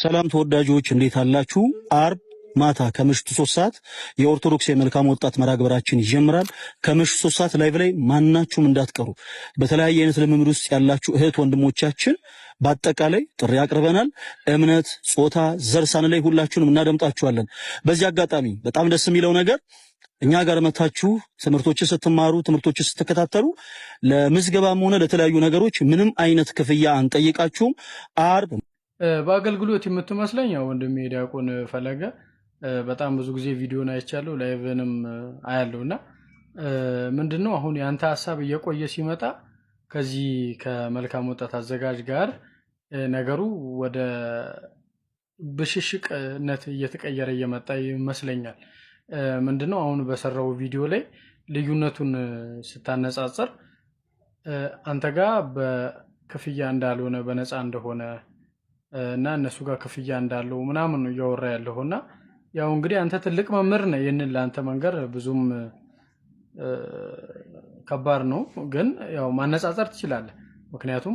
ሰላም ተወዳጆች እንዴት አላችሁ? አርብ ማታ ከምሽቱ ሶስት ሰዓት የኦርቶዶክስ የመልካም ወጣት መራግበራችን ይጀምራል። ከምሽቱ ሶስት ሰዓት ላይቭ ላይ ማናችሁም እንዳትቀሩ። በተለያየ አይነት ልምምድ ውስጥ ያላችሁ እህት ወንድሞቻችን በአጠቃላይ ጥሪ አቅርበናል። እምነት፣ ጾታ፣ ዘርሳን ላይ ሁላችሁንም እናደምጣችኋለን። በዚህ አጋጣሚ በጣም ደስ የሚለው ነገር እኛ ጋር መታችሁ ትምህርቶችን ስትማሩ ትምህርቶችን ስትከታተሉ ለምዝገባም ሆነ ለተለያዩ ነገሮች ምንም አይነት ክፍያ አንጠይቃችሁም። አርብ በአገልግሎት የምትመስለኝ ያው ወንድሜ ዲያቆን ፈለገ በጣም ብዙ ጊዜ ቪዲዮን አይቻለሁ፣ ላይቭንም አያለሁ እና ምንድነው አሁን የአንተ ሀሳብ እየቆየ ሲመጣ ከዚህ ከመልካም ወጣት አዘጋጅ ጋር ነገሩ ወደ ብሽሽቅነት እየተቀየረ እየመጣ ይመስለኛል። ምንድነው አሁን በሰራው ቪዲዮ ላይ ልዩነቱን ስታነጻጽር አንተ ጋር በክፍያ እንዳልሆነ በነፃ እንደሆነ እና እነሱ ጋር ክፍያ እንዳለው ምናምን ነው እያወራ ያለሁ እና ያው እንግዲህ አንተ ትልቅ መምህር ነህ። ይህንን ለአንተ መንገር ብዙም ከባድ ነው፣ ግን ያው ማነጻጸር ትችላለህ። ምክንያቱም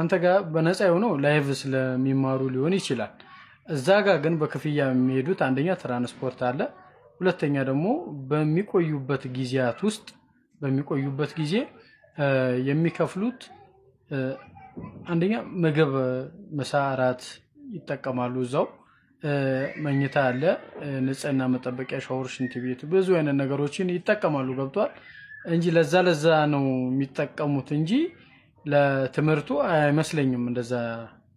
አንተ ጋር በነፃ የሆነው ላይቭ ስለሚማሩ ሊሆን ይችላል። እዛ ጋር ግን በክፍያ የሚሄዱት አንደኛ ትራንስፖርት አለ፣ ሁለተኛ ደግሞ በሚቆዩበት ጊዜያት ውስጥ በሚቆዩበት ጊዜ የሚከፍሉት አንደኛ ምግብ ምሳ፣ ይጠቀማሉ እዛው። መኝታ አለ፣ ንጽህና መጠበቂያ፣ ሻወር፣ ሽንት ቤት ብዙ አይነት ነገሮችን ይጠቀማሉ። ገብቷል እንጂ ለዛ ለዛ ነው የሚጠቀሙት እንጂ ለትምህርቱ አይመስለኝም እንደዛ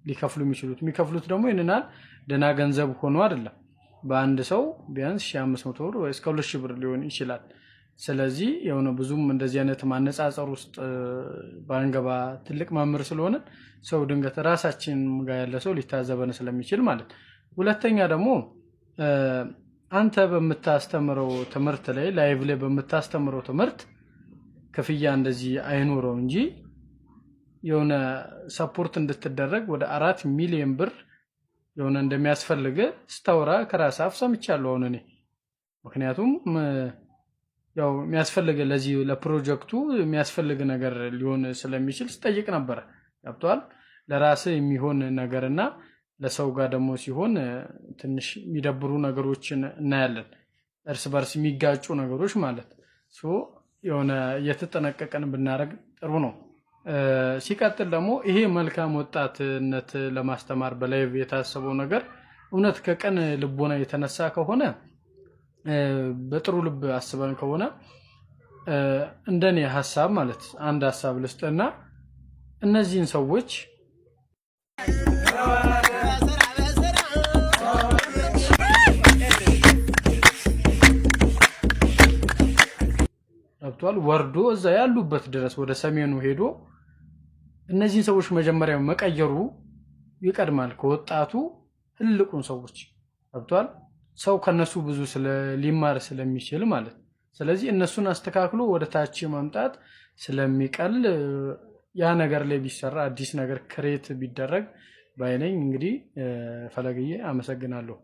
ሊከፍሉ የሚችሉት። የሚከፍሉት ደግሞ ይንናል ደህና ገንዘብ ሆኖ አይደለም። በአንድ ሰው ቢያንስ ሺህ አምስት መቶ ብር ወይ እስከ ሁለት ብር ሊሆን ይችላል። ስለዚህ የሆነ ብዙም እንደዚህ አይነት ማነጻጸር ውስጥ ባንገባ ትልቅ መምህር ስለሆነ ሰው ድንገት ራሳችን ጋር ያለ ሰው ሊታዘበን ስለሚችል ማለት። ሁለተኛ ደግሞ አንተ በምታስተምረው ትምህርት ላይ ላይቭ ላይ በምታስተምረው ትምህርት ክፍያ እንደዚህ አይኖረው እንጂ የሆነ ሰፖርት እንድትደረግ ወደ አራት ሚሊዮን ብር የሆነ እንደሚያስፈልግ ስታወራ ከራስ አፍ ሰምቻለሁ። አሁን እኔ ምክንያቱም ያው የሚያስፈልግ ለዚህ ለፕሮጀክቱ የሚያስፈልግ ነገር ሊሆን ስለሚችል ስጠይቅ ነበረ። ገብተዋል ለራስ የሚሆን ነገር እና ለሰው ጋር ደግሞ ሲሆን ትንሽ የሚደብሩ ነገሮችን እናያለን። እርስ በርስ የሚጋጩ ነገሮች ማለት የሆነ እየተጠነቀቀን ብናደረግ ጥሩ ነው። ሲቀጥል ደግሞ ይሄ መልካም ወጣትነት ለማስተማር በላይ የታሰበው ነገር እውነት ከቀን ልቦና የተነሳ ከሆነ በጥሩ ልብ አስበን ከሆነ እንደኔ ሀሳብ ማለት አንድ ሀሳብ ልስጥና እነዚህን ሰዎች ገብቷል ወርዶ እዛ ያሉበት ድረስ ወደ ሰሜኑ ሄዶ እነዚህን ሰዎች መጀመሪያ መቀየሩ ይቀድማል ከወጣቱ ትልቁን ሰዎች ገብቷል ሰው ከነሱ ብዙ ሊማር ስለሚችል ማለት ነው። ስለዚህ እነሱን አስተካክሎ ወደ ታች ማምጣት ስለሚቀል ያ ነገር ላይ ቢሰራ አዲስ ነገር ክሬት ቢደረግ ባይነኝ። እንግዲህ ፈለግዬ አመሰግናለሁ።